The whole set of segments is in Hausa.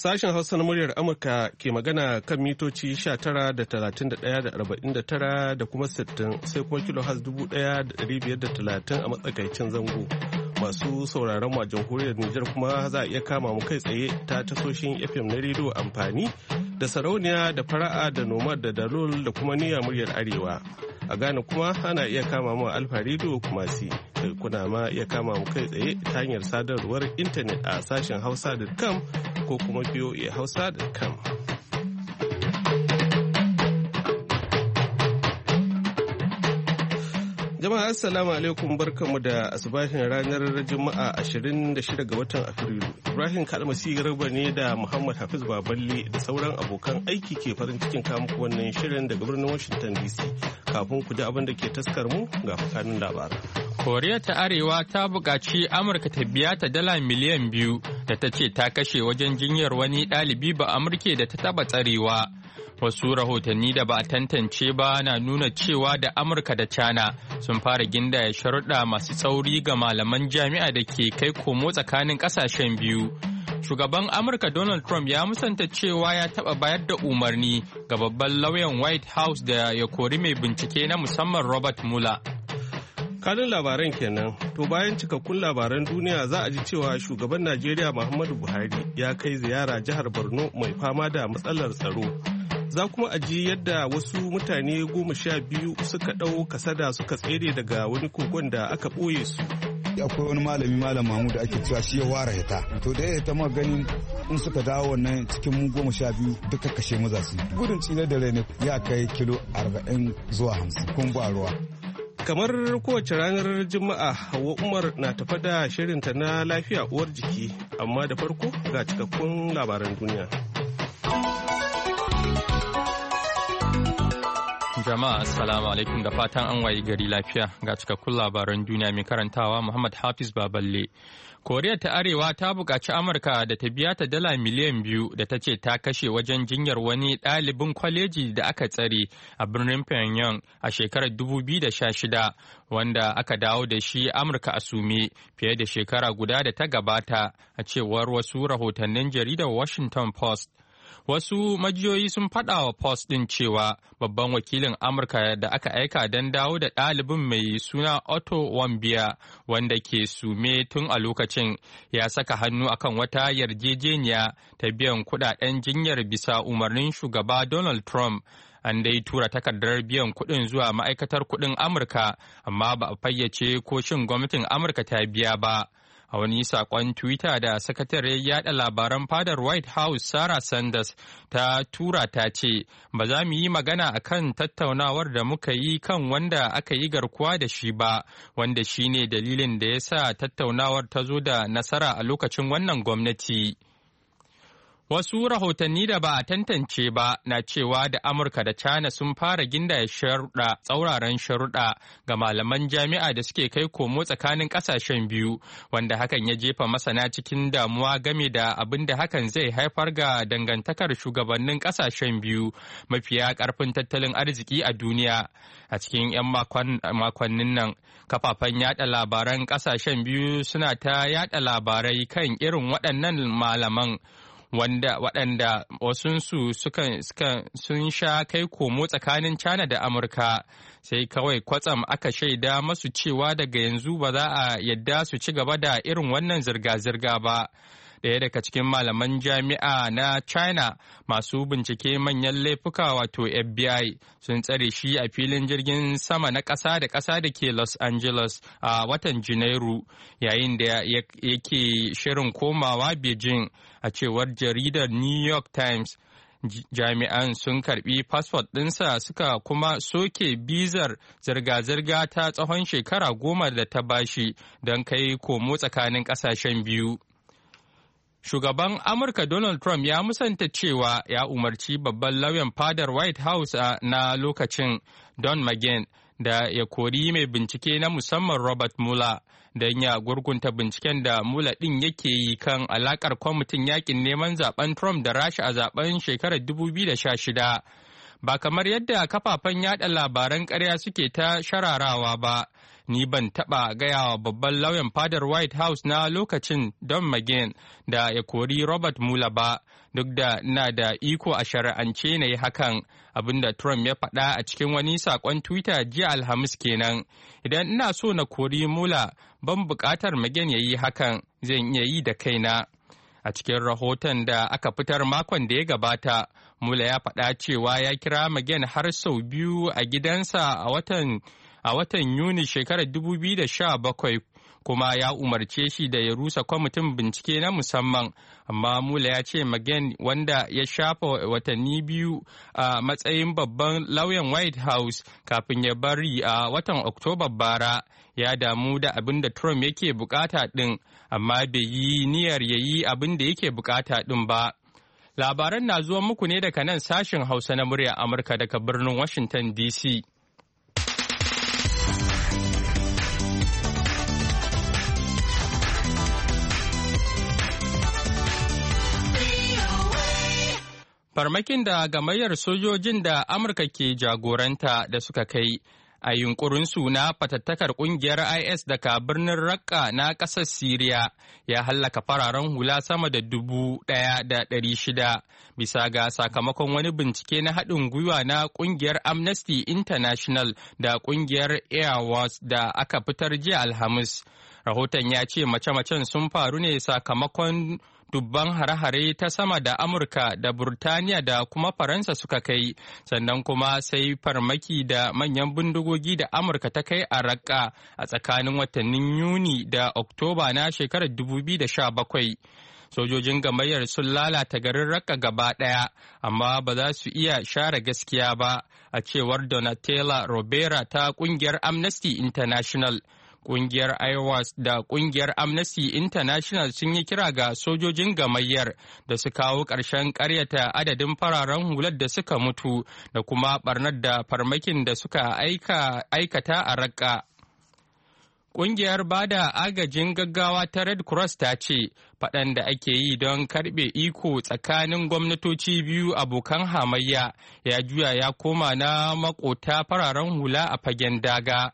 Sashen Hausa na muryar Amurka ke magana kan mitoci 19 da kuma 60 sai kuma kilo has 1530 a matsakaicin zango. Masu sauraron a jamhuriyar Nijar kuma za a iya kama mu kai tsaye ta tasoshin FM na rediyo amfani da sarauniya da fara'a da nomad da dalol da kuma niyya muryar Arewa. a Ghana kuma ana iya kama mu Alfa Radio kuma si kuna ma iya kama mu kai tsaye ta hanyar sadarwar intanet a sashen hausa.com ko kuma biyo voahausa.com. hausa.com Jama'a assalamu alaikum barkamu da asubahin ranar Juma'a 26 ga watan Afrilu. Ibrahim Kalmasi Garba ne da Muhammad Hafiz Baballe da sauran abokan aiki ke farin cikin kamu wannan shirin daga birnin Washington DC. Kafin ku ji abin da ke taskar mu ga fakanin labaran. Koriya ta Arewa ta buƙaci Amurka ta biya ta dala miliyan biyu da ta ce ta kashe wajen jinyar wani ɗalibi ba Amurke da ta taɓa tsarewa. wasu rahotanni da ba a tantance ba na nuna cewa da amurka da china sun fara ginda ya sharuɗa masu tsauri ga malaman jami'a da ke kai komo tsakanin ƙasashen biyu shugaban amurka donald trump ya musanta cewa ya taɓa bayar da umarni ga babban lauyan white house da ya kori mai bincike na musamman robert mueller kanin labaran kenan to bayan cikakkun labaran duniya za a ji cewa shugaban najeriya muhammadu buhari ya kai ziyara jihar borno mai fama da matsalar tsaro za kuma a ji yadda wasu mutane goma sha biyu suka ɗau kasada suka tsere daga wani kogon da aka ɓoye su. akwai wani malami malam mahmud da ake cewa shi ya ware hita to da ya hita gani in suka dawo wannan cikin goma sha biyu duka kashe maza su gudun tsinar da rai ya kai kilo arba'in zuwa hamsin kun ba ruwa kamar kowace ranar juma'a hawa umar na tafa da shirinta na lafiya uwar jiki amma da farko ga cikakkun labaran duniya Jama'a assalamu alaikum da fatan an wayi gari lafiya ga cikakkun labaran duniya mai karantawa Muhammad Hafiz Baballe. Koriya ta Arewa ta buƙaci Amurka da ta biya ta dala miliyan biyu da ta ce ta kashe wajen jinyar wani ɗalibin kwaleji da aka tsare a birnin Pyongyang a shekarar 2016 wanda aka dawo da shi Amurka a sume fiye da shekara guda da ta gabata a cewar wasu rahotannin jaridar Washington Post. Wasu majiyoyi sun faɗa wa Post ɗin cewa babban wakilin Amurka da aka aika don dawo da ɗalibin mai suna Otto Wambia wanda ke sume tun a lokacin ya saka hannu akan wata yarjejeniya ta biyan kuɗaɗen jinyar bisa umarnin shugaba Donald Trump. an dai tura takardar biyan kuɗin zuwa ma'aikatar kuɗin amurka amma ba a fayyace ko shin gwamnatin amurka ta biya ba A wani saƙon Twitter da sakatariyar yada labaran fadar White House Sarah Sanders ta tura ta ce, Ba za mu yi magana a kan tattaunawar da muka yi kan wanda aka yi garkuwa da shi ba, wanda shi ne dalilin da ya sa tattaunawar ta zo da nasara a lokacin wannan gwamnati. Wasu rahotanni da ba a tantance ba na cewa da Amurka da China sun fara gindaya sharuɗa tsauraran sharuɗa ga malaman jami'a da suke kai komo tsakanin ƙasashen biyu, wanda hakan ya jefa masana cikin damuwa game da abin da hakan zai haifar ga dangantakar shugabannin ƙasashen biyu mafiya ƙarfin tattalin arziki a duniya. A cikin 'yan makonnin nan, kafafen yada labaran ƙasashen biyu suna ta yada labarai kan irin waɗannan malaman. wanda waɗanda wasunsu sukan sun sha kai komo tsakanin China da Amurka sai kawai kwatsam aka shaida masu cewa daga yanzu ba za a yadda su ci gaba da irin wannan zirga-zirga ba ɗaya daga cikin malaman jami'a na China masu bincike manyan laifuka wato FBI sun tsare shi a filin jirgin sama na ƙasa da ƙasa da ke Los Angeles a watan Janairu yayin da yake shirin komawa Beijing a cewar jaridar New York Times. jami'an sun karbi fasfot ɗinsa suka kuma soke bizar zirga-zirga ta tsawon shekara goma da ta bashi don kai komo tsakanin ƙasashen biyu. Shugaban Amurka Donald Trump ya musanta cewa ya umarci babban lauyan fadar White House na lokacin Don McGinn da ya kori mai bincike na musamman Robert Mueller don ya gurgunta binciken da Mueller ɗin yake yi kan alakar kwamitin yakin neman zaben Trump da Rasha a zaben shekarar 2016. Ba kamar yadda kafafen yada labaran ƙarya suke ta shararawa ba. ni ban taɓa gaya wa babban lauyan fadar white house na lokacin don Magen da ya kori robert mueller ba duk da na da iko a shari'ance na yi hakan abinda trump ya faɗa a cikin wani saƙon twitter jiya alhamis kenan idan ina so na kori mueller ban buƙatar Magen ya yi hakan zan iya yi da kaina a cikin rahoton da aka fitar makon da ya gabata mula ya faɗa cewa ya kira magen har sau biyu a gidansa a watan a watan Yuni shekarar 2017 kuma ya umarce shi da ya rusa kwamitin bincike na musamman amma mula ya ce magen wanda ya shafa watanni biyu a matsayin babban lauyan white house kafin ya bari a watan oktoba bara ya damu da abin da trump yake bukata ɗin amma bai yi niyyar ya yi abin da yake bukata ɗin ba labaran na zuwa muku ne daga nan sashen hausa na murya amurka daga birnin washington dc Farmakin da gamayyar sojojin da Amurka ke jagoranta da suka kai a yunkurinsu na fatattakar kungiyar IS daga birnin Raqqa na ƙasar Siriya ya hallaka fararen hula sama da dubu ɗaya da ɗari shida bisa ga sakamakon wani bincike na haɗin gwiwa na ƙungiyar Amnesty International da ƙungiyar Airwars da aka fitar jiya Alhamis. Rahoton ya ce mace-macen sun faru ne sakamakon dubban hare-hare ta sama da Amurka da Burtaniya da kuma Faransa suka kai, sannan kuma sai farmaki da manyan bindigogi da Amurka ta kai a raƙa a tsakanin watannin Yuni da Oktoba na shekarar 2017. sojojin gamayyar sun lalata garin raka gaba ɗaya amma ba za su iya share gaskiya ba a cewar donatella robera ta ƙungiyar amnesty international Ƙungiyar IOWAS da ƙungiyar Amnesty International sun yi kira ga sojojin gamayyar da su kawo ƙarshen ƙaryata adadin fararen hular da suka mutu da kuma barnar da farmakin da suka aikata a raƙa. Ƙungiyar bada agajin gaggawa ta Red Cross ta ce faɗan da ake yi don karɓe iko tsakanin gwamnatoci biyu abokan hamayya ya juya ya koma na makota fararen hula a fagen daga.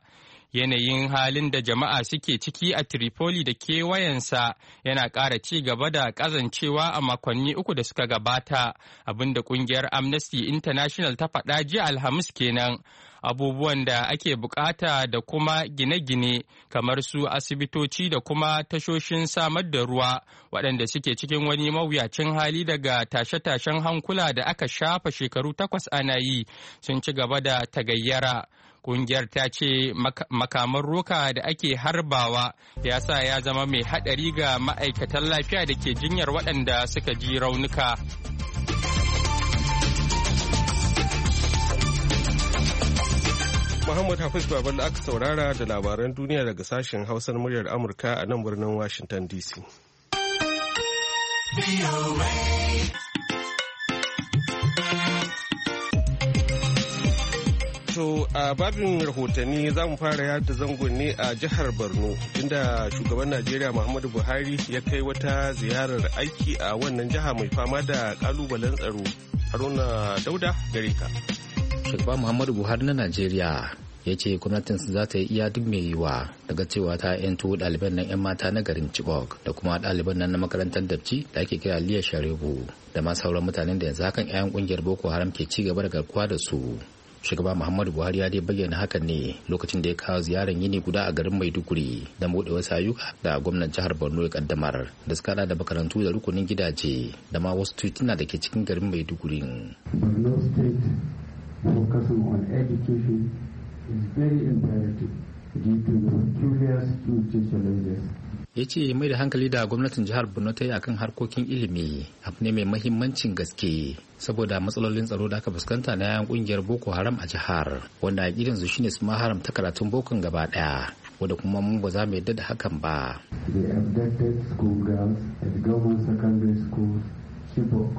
yanayin halin da jama'a suke ciki a Tripoli da kewayensa yana ƙara ci gaba da ƙazancewa a makonni uku da suka gabata abinda ƙungiyar Amnesty International ta faɗa jiya Alhamis kenan. Abubuwan da ake bukata da kuma gine-gine kamar su asibitoci da kuma tashoshin samar da ruwa waɗanda suke cikin wani mawuyacin hali daga tashe-tashen hankula da aka shafa shekaru takwas ana yi sun ci gaba da tagayyara. Ƙungiyar ta ce makaman roka da ake harbawa ya sa ya zama mai haɗari ga ma'aikatan lafiya da ke jinyar waɗanda suka ji raunuka. Muhammad Hafiz da aka saurara da labaran duniya daga sashen Hausar muryar Amurka a nan birnin Washington DC. To a babin rahotanni za mu fara yada zangon ne a jihar Borno inda shugaban Najeriya Muhammadu Buhari ya kai wata ziyarar aiki a wannan jiha mai fama da kalubalen tsaro. Haruna Dauda gare ka. Shugaba Muhammadu Buhari na Najeriya ya ce gwamnatin za ta yi iya duk mai yiwa daga cewa ta 'yanto ɗaliban nan 'yan mata na garin Chibok da kuma ɗaliban nan na makarantar Dabci da ake kira Liya Sharebu da ma sauran mutanen da yanzu hakan 'ya'yan kungiyar Boko Haram ke ci gaba da garkuwa da su shugaba muhammadu buhari ya dai bayyana hakan ne lokacin da ya kawo ziyarar yini guda a garin maiduguri da buɗe wasu ayyuka da gwamnan jihar borno ya kaddamar da suka da makarantu da rukunin gidaje da ma wasu tituna da ke cikin garin maiduguri due to the peculiar ya ce mai da hankali da gwamnatin jihar borno ta yi akan harkokin ilimi abu ne mai mahimmancin gaske saboda matsalolin tsaro da aka fuskanta na 'ya'yan kungiyar boko haram a jihar wanda a shi shine su ma haramta karatun bokon gaba daya wanda kuma mun ba za mu yadda da hakan ba. They abducted school girls at government secondary school Chibok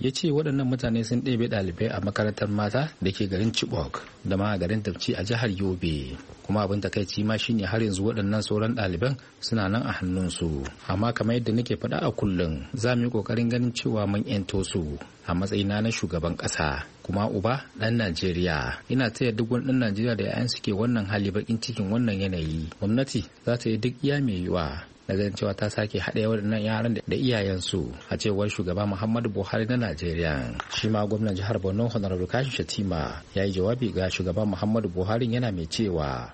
ya ce waɗannan mutane sun ɗebe ɗalibai a makarantar mata da ke garin chibok da ma garin tafci a jihar yobe kuma abin takaici ma shine har yanzu waɗannan sauran ɗaliban suna nan a hannunsu amma kamar yadda nake faɗa a kullum za mu yi ƙoƙarin ganin cewa mun 'yanto su a matsayina na shugaban ƙasa kuma uba ɗan Najeriya. Ina taya duk wani ɗan Najeriya da 'ya'yan ke wannan hali bakin cikin wannan yanayi. Gwamnati za ta yi duk iya mai yiwa na ganin cewa ta sake haɗe waɗannan yaran da iyayensu a cewar shugaba muhammadu buhari na najeriya shi ma gwamnan jihar borno honorable kashi shatima ya yi jawabi ga shugaba muhammadu buhari yana mai cewa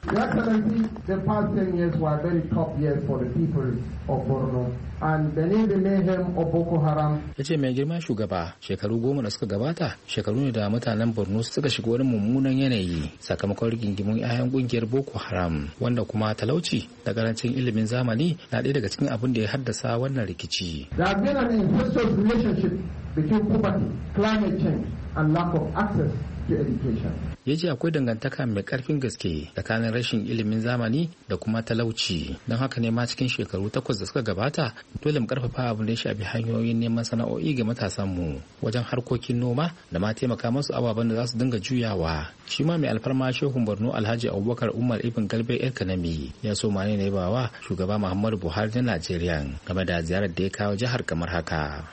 ya ce mai girma shugaba shekaru goma da suka gabata shekaru ne da mutanen borno suka shiga wani mummunan yanayi sakamakon rigingimun 'ya'yan kungiyar boko haram wanda kuma talauci da karancin ilimin zamani na ɗaya daga cikin abin da ya haddasa wannan rikici. Da has been an relationship between poverty, climate change, and lack of access to education. ya ce akwai dangantaka mai karfin gaske tsakanin rashin ilimin zamani da kuma talauci don haka ne ma cikin shekaru takwas da suka gabata dole mu karfafa abin da ya shafi hanyoyin neman sana'o'i ga matasanmu wajen harkokin noma da ma taimaka masu ababen da za su dinga juyawa shi ma mai alfarma shehun borno alhaji abubakar umar ibn galbe el kanami ya so ma ne ba wa shugaba muhammadu buhari na najeriya game da ziyarar da ya kawo jihar kamar haka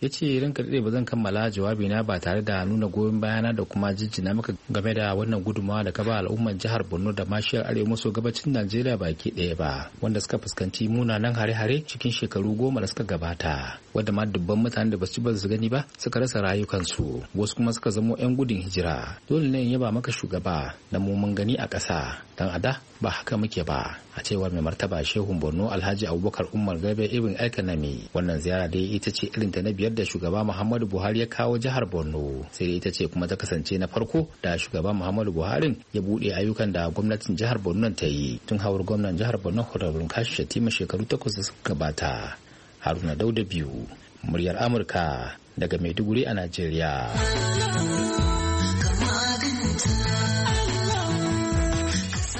ya ce rinka ba zan kammala jawabi na ba tare da nuna goyon bayana da kuma jinjina maka game da wannan gudunmawa da ka ba al'ummar jihar Borno da mashiyar Arewa maso gabacin Najeriya baki ɗaya ba wanda suka fuskanci munanan hare-hare cikin shekaru goma da suka gabata wanda ma dubban mutane da basu ba su gani ba suka rasa rayukansu wasu kuma suka zamo 'yan gudun hijira dole ne in yaba maka shugaba da mu mun gani a ƙasa dan ada ba haka muke ba a cewar mai martaba shehun borno alhaji abubakar umar gabe ibn alkanami wannan ziyara dai ita ce irin ta na biyar da shugaba muhammadu buhari ya kawo jihar borno sai dai ita ce kuma ta kasance na farko da shugaba muhammadu buhari ya bude ayyukan da gwamnatin jihar borno ta yi tun hawar gwamnan jihar borno horabrun kashi shatima shekaru takwas da suka gabata haruna dauda biyu muryar amurka daga maiduguri a najeriya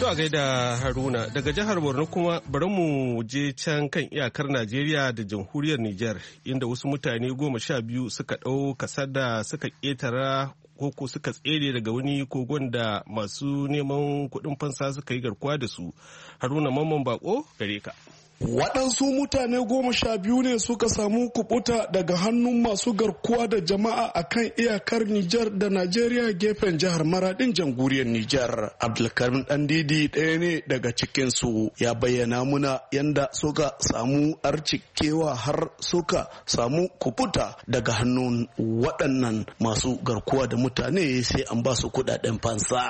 To a gaida Haruna daga jihar Borno kuma bari mu je can kan iyakar Najeriya da jamhuriyar Nijar inda wasu mutane goma sha biyu suka ɗau kasar da suka ƙetara ko suka tsere daga wani kogon da masu neman kuɗin fansa suka yi garkuwa da su. Haruna Mamman Bako gare ka. Waɗansu mutane goma sha biyu ne suka samu kubuta daga hannun masu garkuwa da jama'a a kan iyakar Nijar da Najeriya gefen jihar Maradin jamhuriyar Nijar. Abdulkarim didi ɗaya ne daga cikinsu ya bayyana muna yanda suka samu arcikewa har suka samu kubuta daga hannun waɗannan masu garkuwa da mutane sai an ba su kuɗaɗen fansa.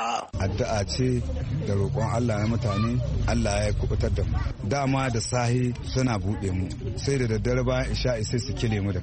Addu'a ce da roƙon Allah ya mutane Allah ya kubutar da mu. Dama da sahi suna buɗe mu sai da daddare bayan isha sai su kile mu da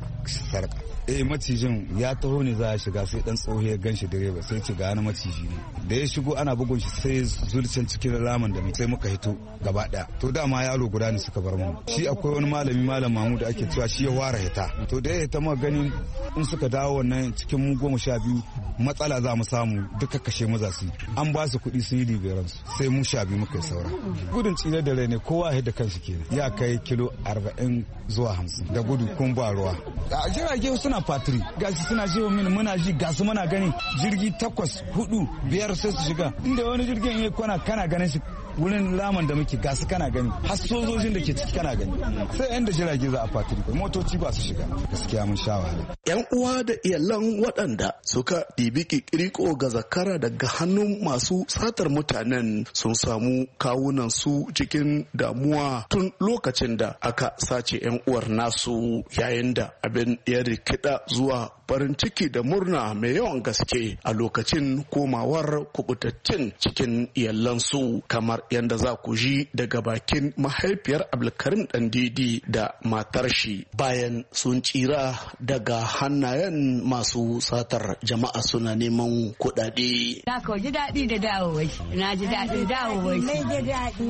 sarka eh macijin ya taho ne za a shiga sai dan tsoho ya ganshi direba sai ce ga maciji ne da ya shigo ana bugun shi sai zulcin cikin laman da sai muka hito gaba daya to dama yaro guda ne suka bar mu shi akwai wani malami malam mamu da ake cewa shi ya wara hita to da ya hita ma gani in suka dawo wannan cikin mu goma sha biyu matsala za mu samu duka kashe mu za su an ba su kuɗi sun yi liberansu sai mu sha biyu muka yi saura gudun tsire da rai ne kowa ya da kansu ke ya kai kilo 40 zuwa 50 da gudu kun ba ruwa a jirage suna fatiri gasu suna jiwa mini muna ji gasu muna gani jirgi takwas hudu biyar sai su shiga inda wani jirgin ya kwana kana ganin shi wurin laman da muke gasu kana gani har sojojin da ke ciki kana gani sai yan da jirage za a fatiri motoci ba su shiga gaskiya mun sha wahala yan uwa da iyalan waɗanda suka ɗibi ko ga zakara daga hannun masu satar mutanen sun samu kawunan su cikin damuwa tun lokacin da aka sace yan uwar nasu yayin da abin ya rikida zuwa farin ciki da murna mai yawan gaske a lokacin komawar kubutattun cikin iyalansu kamar yadda za ku ji daga bakin mahaifiyar abdulkarim dandidi da matar shi bayan sun tsira daga hannayen masu satar jama'a suna neman kuɗaɗe. Na ka ji daɗi da dawowai, na ji dawowai.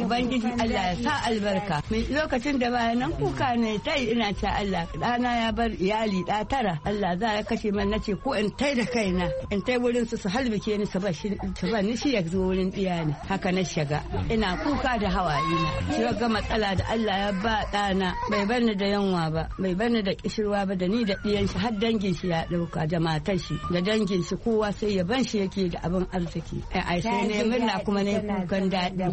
Ubangiji Allah ya sa albarka. Lokacin da bayanan kuka ne ta ina ta Allah, ɗana ya bar iyali ɗa tara, Allah za ya kashe man nace ko in tai da kaina in tai wurin su su halbike ni su ba shi su ba ni shi ya zo wurin iya ne haka na shiga ina kuka da hawaye na shi ga matsala da Allah ya ba dana bai barni ni da yanwa ba bai barni ni da kishirwa ba da ni da diyan shi har dangin shi ya ɗauka da matar shi da dangin shi kowa sai ya ban shi yake da abin arziki ai sai ne murna kuma ne kukan daɗi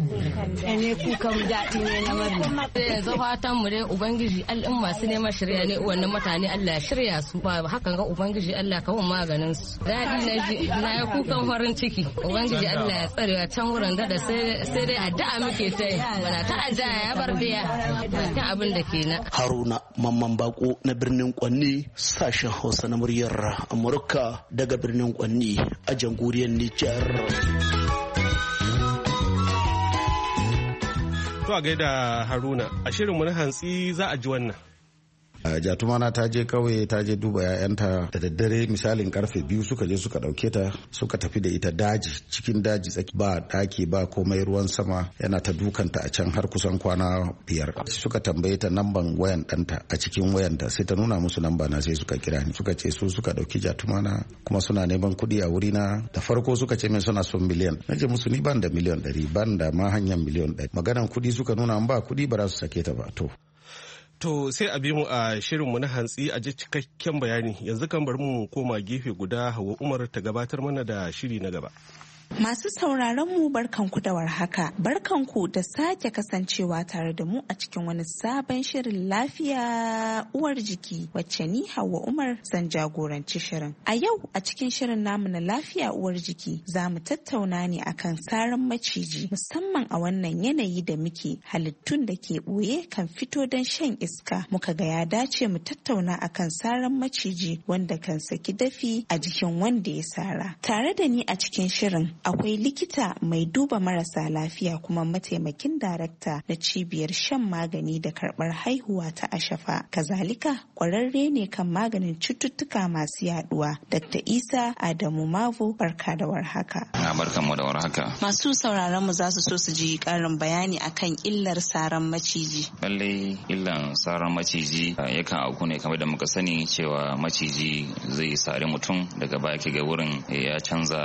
ne kukan daɗi ne na murna yanzu fatan mu dai ubangiji al'umma su neman shirya ne wannan mutane Allah ya shirya su ba hakan ga ubangiji Allah kawo maganin su daɗi na ji na yi kukan farin ciki ubangiji Allah ya tsarewa can wurin dada sai dai addu'a muke ta yi bana ta ya bar biya ta abin da ke na Haruna Mamman Bako na birnin Kwanni sashen Hausa na muryar Amurka daga birnin Kwanni a jamhuriyar Nijar. To a gaida Haruna, a mu na hantsi za a ji wannan. jatumana ta je kauye ta je duba 'ya'yanta da daddare misalin karfe biyu suka je suka dauke ta suka tafi da ita daji cikin daji tsaki ba daki ba komai ruwan sama yana ta dukanta a can har kusan kwana biyar suka tambaye ta namban wayan danta a cikin wayanta sai ta nuna musu namba na sai suka kira ni suka ce su suka dauki jatumana kuma suna neman kuɗi a wuri na da farko suka ce min suna son miliyan na je musu ni ban da miliyan ɗari ban da ma hanyar miliyan ɗari maganan kuɗi suka nuna ba kuɗi ba za su sake ta ba to To sai a bi mu a shirinmu na hantsi a ji cikakken bayani yanzu kan bar mu koma gefe guda Hawa Umar ta gabatar mana da shiri na gaba. Masu sauraron mu barkanku da warhaka, barkanku da sake kasancewa tare da mu a cikin wani sabon shirin lafiya uwar jiki wacce ni Hauwa Umar zan jagoranci shirin. A yau a cikin shirin namu na lafiya uwar jiki za mu tattauna ne akan saran maciji musamman a wannan yanayi da muke halittun da ke ɓoye kan fito don shan iska muka ga ya dace mu tattauna akan saran maciji wanda kan saki dafi a jikin wanda ya sara. Tare da ni a cikin shirin akwai likita mai duba marasa lafiya kuma mataimakin darakta na cibiyar shan magani da karbar haihuwa ta ashafa kazalika kwararre ne kan maganin cututtuka masu yaduwa dr isa adamu mavo barka ah, da warhaka masu sauraron mu za su so su ji karin bayani akan illar saran maciji lallai illan saran maciji ah, yakan auku ne kamar da muka sani cewa maciji zai sari mutum daga baki ga wurin eh, ya canza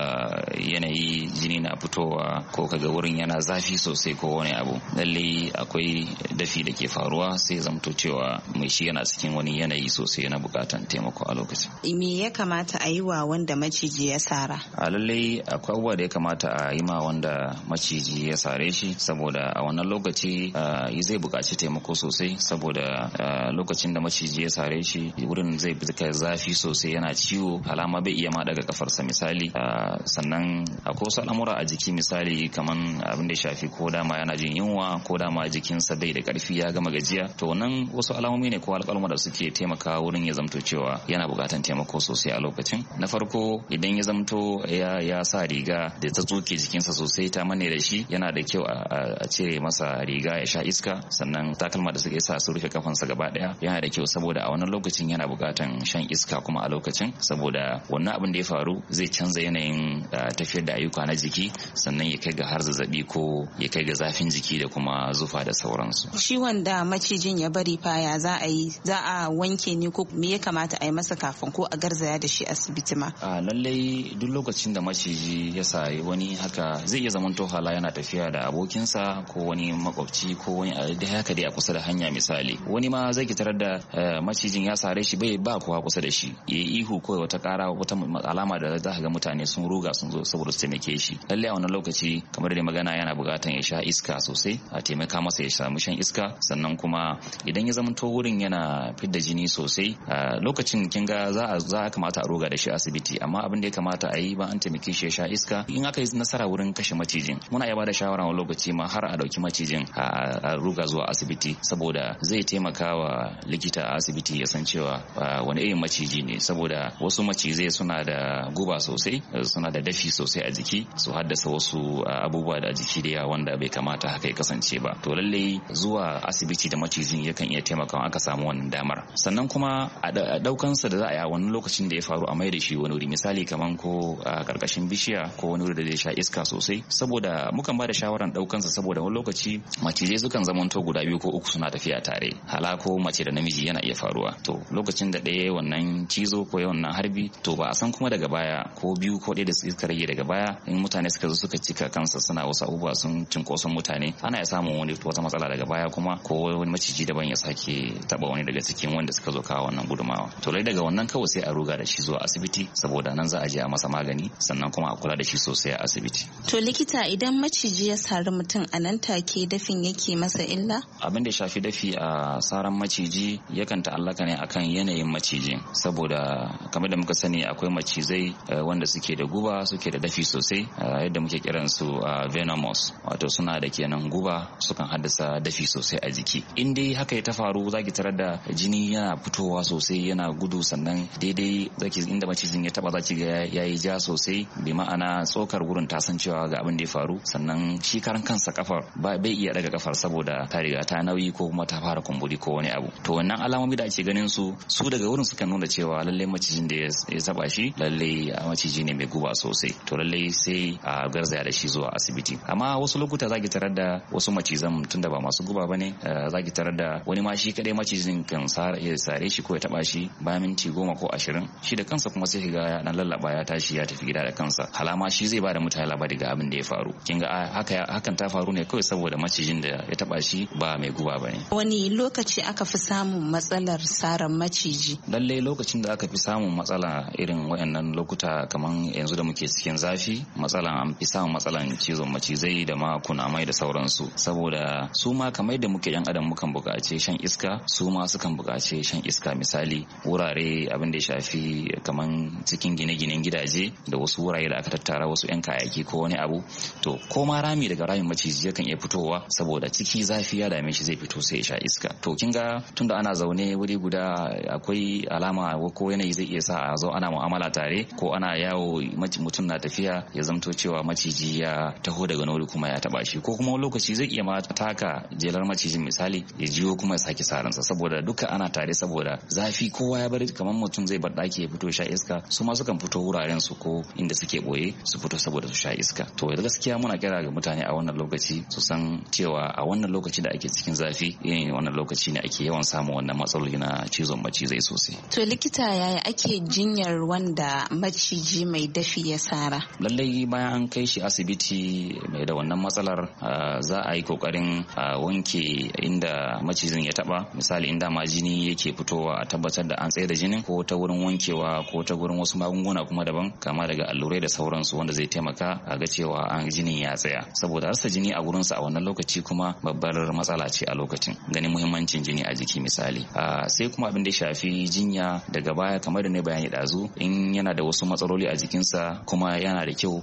yanayi jini na fitowa ko kaga wurin yana zafi sosai ko wani abu lallai akwai dafi da ke faruwa sai zamto cewa mai shi yana cikin wani yanayi sosai na bukatan taimako a lokacin me ya kamata a yi wa wanda maciji ya sara a lallai akwai abubuwa da ya kamata a yi ma wanda maciji ya sare shi saboda a wannan lokaci zai bukaci taimako sosai saboda lokacin da maciji ya sare shi wurin zai fi zafi sosai yana ciwo alama bai iya ma daga kafarsa misali sannan a akwai wasu al'amura a jiki misali kaman abin da ya shafi ko dama yana jin yunwa ko dama jikinsa bai da karfi ya gama gajiya to nan wasu alamomi ne ko alƙalma da suke taimakawa wurin ya zamto cewa yana buƙatan taimako sosai a lokacin na farko idan ya zamto ya ya sa riga da ta tsoke jikinsa sosai ta manne da shi yana da kyau a cire masa riga ya sha iska sannan takalma da suke sa su rufe kafansa gaba daya yana da kyau saboda a wannan lokacin yana buƙatan shan iska kuma a lokacin saboda wannan abin da ya faru zai canza yanayin eh, tafiyar da ayyuka na jiki sannan ya kai ga har zazzabi ko ya kai ga zafin jiki da kuma zufa da sauransu ciwon da macijin ya bari faya za a yi za a wanke ne ko me ya kamata a yi masa kafin ko a garzaya da shi asibiti ma a lallai duk lokacin da maciji ya sa wani haka zai iya zaman tohala yana tafiya da abokinsa ko wani makwabci ko wani da haka dai a kusa da hanya misali wani ma zai ki tarar da e, macijin ya sare shi bai ba kowa kusa da shi ya ihu ko wata kara wata alama da za ga mutane sun ruga sun zo saboda su taimake shi lalle a wannan lokaci kamar da magana yana bukatan ya sha iska sosai a taimaka masa ya samu shan iska sannan kuma idan ya zamanto wurin yana fidda jini sosai lokacin kin ga za a kamata a roga da shi asibiti amma abin da ya kamata a yi ba an taimake shi ya sha iska in aka yi nasara wurin kashe macijin muna iya bada shawara wani lokaci ma har a dauki macijin a ruga zuwa asibiti saboda zai taimaka wa likita a asibiti ya san cewa wani irin maciji ne saboda wasu macizai suna da guba sosai suna da dafi sosai a jiki jiki su haddasa wasu ah, abubuwa da jiki da yawa wanda bai kamata haka ya kasance ba to lalle zuwa asibiti da macizin yakan iya taimakawa aka samu wannan damar sannan kuma a sa da za a yi wani lokacin da ya faru a mai da shi wani wuri misali kamar ko a ah, karkashin bishiya ko wani wuri da zai sha iska sosai saboda mukan ba da shawaran sa saboda wani lokaci macizai sukan to guda biyu ko uku suna tafiya tare hala ko mace da namiji yana iya faruwa to lokacin da ɗaya wannan cizo ko wannan harbi to ba a san kuma daga baya ko biyu ko ɗaya da suka rage daga baya in mutane suka zo suka cika kansa suna wasu abubuwa sun cinkoson mutane ana ya samun wani wata matsala daga baya kuma ko wani maciji daban ya sake taba wani daga cikin wanda suka zo kawo wannan gudumawa to lai daga wannan kawai sai a ruga da shi zuwa asibiti saboda nan za a je a masa magani sannan kuma a kula da shi sosai a asibiti to likita idan maciji ya sari mutum a nan take dafin yake masa illa abin da ya shafi dafi a saran maciji yakan ta'allaka ne akan yanayin macijin saboda kamar da muka sani akwai macizai eh, wanda suke da guba suke da dafi sosai yadda muke kiran su venomous wato suna da kenan guba sukan haddasa dafi sosai a jiki in dai haka ya ta faru zaki tarar da jini yana fitowa sosai yana gudu sannan daidai zaki inda macizin ya taba zaki ga yayi ja sosai bi ma'ana tsokar wurin ta san cewa ga abin da ya faru sannan shi karan kansa kafar bai iya daga kafar saboda ta riga ta nauyi ko kuma ta fara kumburi ko wani abu to wannan alamomi da ake ganin su su daga wurin sukan nuna cewa lallai macijin da ya saba shi lallai maciji ne mai guba sosai to lallai dai sai a garzaya da shi zuwa asibiti amma wasu lokuta zaki tarar da wasu macizan tunda ba masu guba bane eh, zaki tarar da wani ma shi kadai macizin kan iya sare shi ko ya taba shi bayan minti goma ko ashirin shi da kansa kuma sai ga na dan lallaba ya tashi ya tafi gida da kansa halama shi zai ba da mutane labari ga abin da ya faru kin ga haka hakan ta faru ne kawai saboda macijin da ya taba shi ba mai guba bane wani lokaci aka fi samun matsalar saran maciji Lalle lokacin da aka fi samun matsala irin wayannan lokuta kamar yanzu da muke cikin zafi yawanci matsalan an fi samun matsalan cizon macizai da ma kunamai da sauransu saboda su ma kamar da muke yan adam mukan buƙaci shan iska su ma sukan buƙaci shan iska misali wurare abin da ya shafi kamar cikin gine-ginen gidaje da wasu wurare da aka tattara wasu yan kayaki ko wani abu to ko ma rami daga ramin maciji yakan iya fitowa saboda ciki zafi ya dame shi zai fito sai ya sha iska to kin ga tunda ana zaune wuri guda akwai alama ko yanayi zai iya sa a zo ana mu'amala tare ko ana yawo mutum na tafiya ya zamto cewa maciji ya taho daga nauri kuma ya taba shi ko kuma wani lokaci zai iya taka jelar macijin misali ya jiyo kuma ya sake saransa saboda duka ana tare saboda zafi kowa ya bari kamar mutum zai bar daki ya fito sha iska su ma sukan fito wuraren su ko inda suke boye su fito saboda su sha iska to gaskiya muna kira ga mutane a wannan lokaci su san cewa a wannan lokaci da ake cikin zafi irin wannan lokaci ne ake yawan samun wannan matsaloli na cizon macizai sosai to likita yaya ake jinyar wanda maciji mai dafi ya sara lallai bayan an kai shi asibiti mai da wannan matsalar za a yi kokarin wanke inda macizin ya taba misali inda ma jini yake fitowa a tabbatar da an tsaye da jinin ko ta wurin wankewa ko ta wurin wasu magunguna kuma daban kama daga allurai da sauransu wanda zai taimaka a ga cewa an jinin ya tsaya saboda rasa jini a gurinsa a wannan lokaci kuma babbar matsala ce a lokacin ganin muhimmancin jini a jiki misali sai kuma abin da ya shafi jinya daga baya kamar da na bayani dazu in yana da wasu matsaloli a jikinsa kuma yana da kyau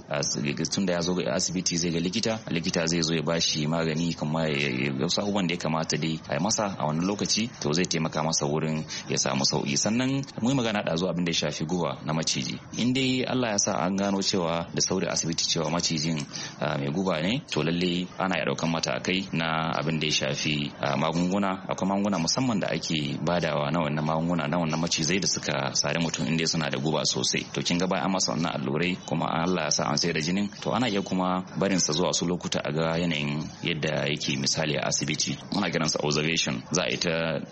tun da ya zo asibiti zai ga likita likita zai zo ya ba shi magani kuma ya abubuwan da ya kamata dai a masa a wani lokaci to zai taimaka masa wurin ya samu sauki sannan mu magana da zo abin da ya shafi guba na maciji in dai Allah ya sa an gano cewa da sauri asibiti cewa macijin mai guba ne to lalle ana ya daukan matakai na abin da ya shafi magunguna akwai magunguna musamman da ake badawa na wannan magunguna na wannan macizai da suka sare mutum inda suna da guba sosai to kin ga bayan masa wannan allurai kuma Allah sa an sai da jinin to ana iya kuma sa zuwa su lokuta a ga yanayin yadda yake misali a asibiti muna kiransa observation za a yi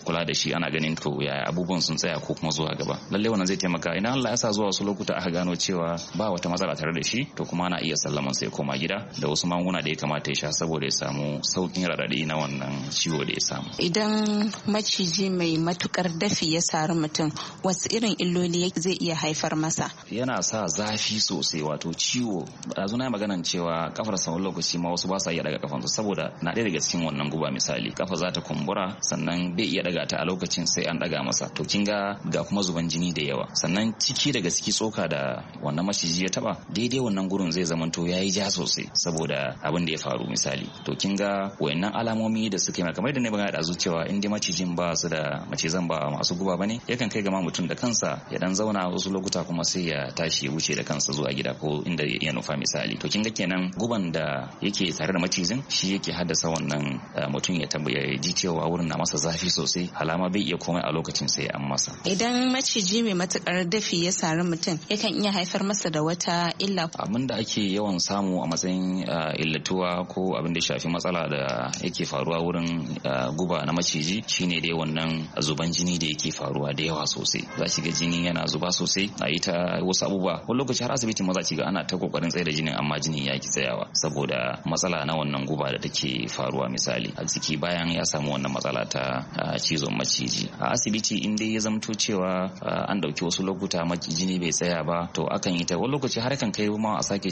kula da shi ana ganin to ya abubuwan sun tsaya ko kuma zuwa gaba lalle wannan zai taimaka idan Allah ya sa zuwa su lokuta aka gano cewa ba wata matsala tare da shi to kuma ana iya sallaman sai koma gida da wasu magunguna da ya kamata ya sha saboda ya samu saukin raɗaɗi na wannan ciwo da ya samu idan maciji mai matukar dafi ya sari mutum wasu irin illoli zai iya haifar masa yana sa zafi sosai wato ciwo ɗazu na maganan cewa kafar sa lokaci ma wasu ba sa iya daga kafan su saboda na ɗaya daga cikin wannan guba misali kafa za ta kumbura sannan bai iya daga ta a lokacin sai an daga masa to kin ga ga kuma zuban jini da yawa sannan ciki daga ciki tsoka da wannan maciji ya taba daidai wannan gurin zai zamanto yi ja sosai saboda abin da ya faru misali to kin ga wayannan alamomi da suka yi kamar da ne bangare da cewa in dai macijin ba su da macizan ba masu guba ba ne? yakan kai ga ma mutum da kansa ya dan zauna wasu lokuta kuma sai ya tashi ya wuce da kansa zuwa gida ko inda ya nufa misali to kin ga kenan guban da yake tare da macizin shi yake haddasa wannan eh, mutum ya tambaya ji cewa wurin na masa zafi sosai alama bai iya komai a lokacin sai an masa idan maciji mai matukar dafi ya sari mutum yakan iya haifar masa da wata illa abin da ake yawan samu a matsayin eh, illatuwa ko abin da shafi matsala da yake faruwa wurin eh, guba na maciji shine dai wannan zuban jini da yake faruwa da yawa sosai za ki ga jini yana zuba sosai a yi ta wasu abubuwa wani lokaci har asibiti maza ci ga ana ana ta kokarin tsaye da jinin amma jinin ya ki tsayawa saboda matsala na wannan guba da take faruwa misali a jiki bayan ya samu wannan matsala ta cizon maciji a asibiti in dai ya zamto cewa an dauki wasu lokuta jini bai tsaya ba to akan yi ta wani lokaci har kan kai ma a sake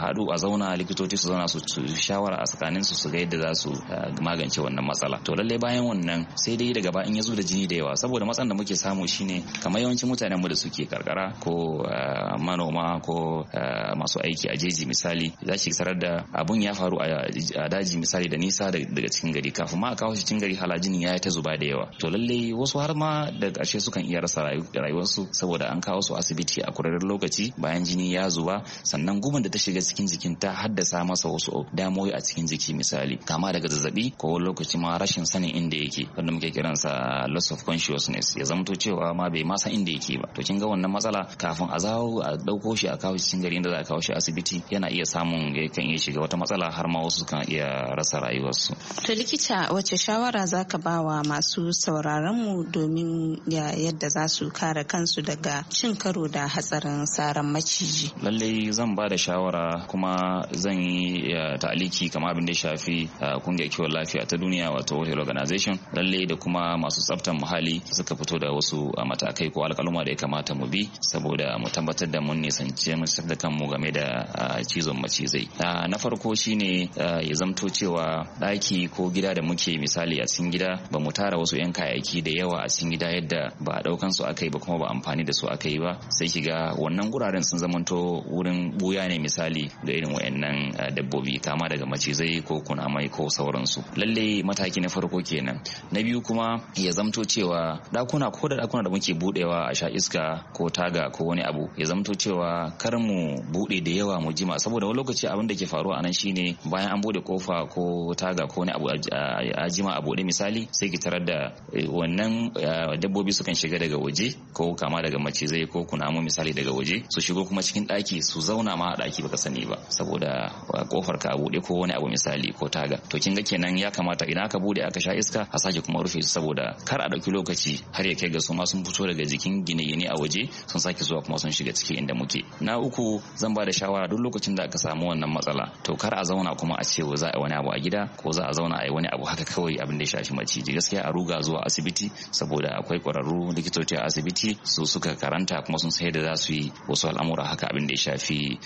haɗu a zauna likitoci su zauna su shawara a tsakanin su su ga yadda za su magance wannan matsala to lallai bayan wannan sai dai daga baya in ya zo da jini da yawa saboda matsalan da muke samu shine kamar yawancin mutanen mu da suke karkara ko manoma ko masu aiki a jeji misali za shi sarar da abun ya faru a daji misali da nisa daga cikin gari kafin ma a kawo shi cikin gari halajin ya yi ta zuba da yawa to lallai wasu har ma da ƙarshe sukan iya rasa rayuwarsu saboda an kawo su asibiti a kurarren lokaci bayan jini ya zuba sannan gumin da ta shiga cikin jikin ta haddasa masa wasu damoyi a cikin jiki misali kama daga zazzabi ko wani lokaci ma rashin sanin inda yake wanda muke kiransa loss of consciousness ya zamto cewa ma bai ma san inda yake ba to kin ga wannan matsala kafin a zawo a dauko shi a kawo cikin gari da za a kawo shi asibiti yana iya samun yakan iya shiga wata matsala har ma wasu kan iya rasa rayuwarsu. To likita wace shawara za ka ba wa masu sauraron mu domin yadda za su kare kansu daga cin karo da hatsarin saran maciji? Lallai zan ba da shawara kuma zan yi ta'aliki kamar abin da ya shafi kungiyar kiwon lafiya ta duniya wato World Organization lallai da kuma masu tsaftan muhalli suka fito da wasu matakai ko alƙaluma da ya kamata mu bi saboda mu tabbatar da mun nisanci mu da kan mu game da ah, cizon macizai ah, na farko shine ah, ya zamto cewa ɗaki ko gida da muke misali a cikin gida ba mu tara wasu 'yan kayayyaki da yawa a cikin gida yadda ba a ɗaukan su aka yi ba kuma ba amfani da su aka yi ba sai kiga wannan guraren sun zamanto wurin buya ne misali ga irin wayannan dabbobi kama daga macizai ko kunamai ko sauransu lalle mataki na farko kenan na biyu kuma ya zamto cewa ɗakuna ko da ɗakuna da muke buɗewa a sha iska ko taga ko wani abu ya zamto cewa kar mu bude da yawa mu jima saboda wani lokaci abin da ke faruwa anan shine bayan an bude kofa ko taga ko wani abu a jima a bude misali sai ki tarar da eh, wannan eh, dabbobi sukan shiga daga waje ko kama daga macizai ko kunamu misali daga waje su shigo kuma cikin daki su zauna ma a daki baka sani ba saboda kofar eh, ka a bude ko wani abu misali ko taga to kin ga kenan ya kamata idan aka bude aka sha iska a sake kuma rufe su saboda kar a dauki lokaci har ya kai ga su ma sun fito daga jikin gine-gine a waje sun sake zuwa kuma sun shiga cikin inda muke na uku zan ba da shawara duk lokacin da aka samu wannan matsala to kar a zauna kuma a ce za a wani abu a gida ko za a zauna a yi wani abu haka kawai abin da ya shafi maciji gaskiya a ruga zuwa asibiti saboda akwai kwararru likitoci a asibiti su suka karanta kuma sun sai da za su yi wasu al'amura haka abin da ya shafi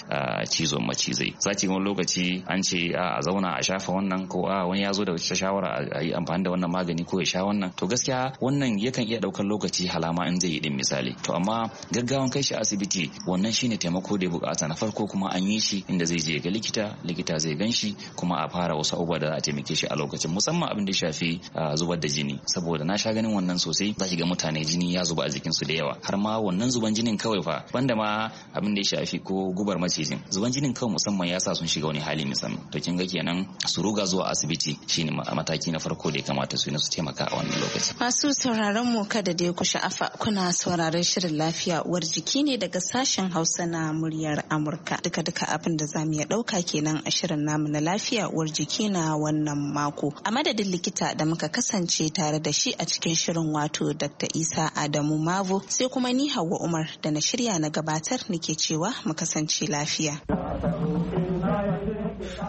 cizon macizai za ki wani lokaci an ce a zauna a shafa wannan ko a wani ya zo da wata shawara a yi amfani da wannan magani ko ya sha wannan to gaskiya wannan yakan iya daukar lokaci halama in zai yi din misali to amma gaggawan kai shi asibiti wannan shine taimako da ya bukata bukata na farko kuma an yi shi inda zai je ga likita likita zai gan shi kuma a fara wasu abubuwa da za a taimake shi a lokacin musamman abin da shafi zubar da jini saboda na sha ganin wannan sosai za ki ga mutane jini ya zuba a jikin su da yawa har ma wannan zuban jinin kawai fa banda ma abin da ya shafi ko gubar macijin zuban jinin kawai musamman ya sa sun shiga wani hali musamman to kin ga kenan su ruga zuwa asibiti shine mataki na farko da ya kamata su yi su taimaka a wannan lokaci masu sauraron mu kada da ya kusha afa kuna sauraron shirin lafiya uwar jiki ne daga sashen Hausa na muryar Amurka. Duka-duka abin da za mu iya ɗauka kenan a shirin namu na lafiya uwar jiki na wannan mako. A madadin likita da muka kasance tare da shi a cikin shirin wato Dr. Isa Adamu Mavo sai kuma ni Hauwa Umar da na shirya na gabatar nake cewa mu kasance lafiya.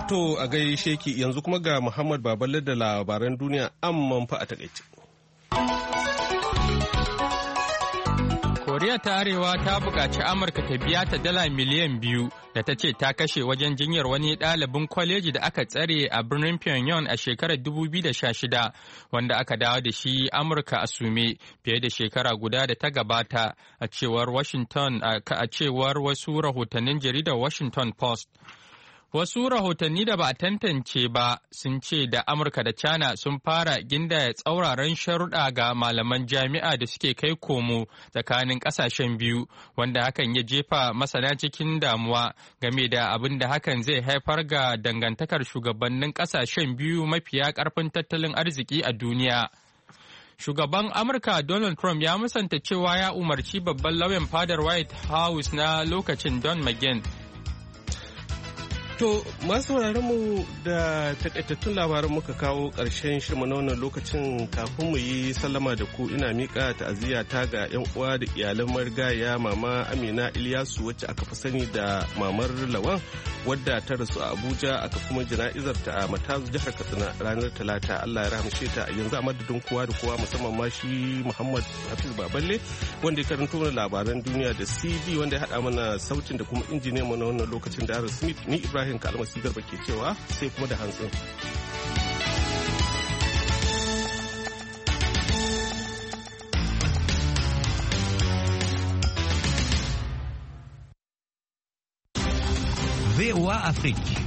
To a gaishe ki yanzu kuma ga Muhammad Baballe da labaran duniya amman fa a takaice. Koriya ta ta buƙaci Amurka ta biya ta dala miliyan biyu da ta ce ta kashe wajen jinyar wani ɗalibin kwaleji da aka tsare a birnin Pyongyang a shekarar 2016 wanda aka dawo da shi Amurka a sume fiye da shekara guda da ta gabata a cewar Washington a cewar wasu rahotannin jaridar Washington Post. Wasu rahotanni da ba a tantance ba sun ce da Amurka da China sun fara gindaya tsauraran sharuɗa ga malaman jami'a da suke kai komo tsakanin ƙasashen biyu, wanda hakan ya jefa masana cikin damuwa game da abin da hakan zai haifar ga dangantakar shugabannin ƙasashen biyu mafiya ƙarfin tattalin arziki a duniya. shugaban amurka donald trump ya musanta cewa ya umarci babban lauyan fadar white house na lokacin don McGinn To masu mu da takaitattun labaran muka kawo ƙarshen shirma na wannan lokacin kafin mu yi sallama da ku ina miƙa ta'aziyya ta ga 'yan uwa da iyalan marigaya mama Amina Ilyasu wacce aka fi sani da mamar Lawan wadda ta rasu a Abuja aka kuma jana'izar ta a Matazu jihar Katsina ranar Talata Allah ya rahamshe ta a yanzu a madadin kowa da kowa musamman ma shi Muhammad Hafiz Baballe wanda ya karanto mana labaran duniya da CD wanda ya haɗa mana sautin da kuma injiniyan mana wannan lokacin da Smith ni Ibrahim Ibrahim Kalmasi ba ke cewa sai kuma da hantsin. VOA Afrique.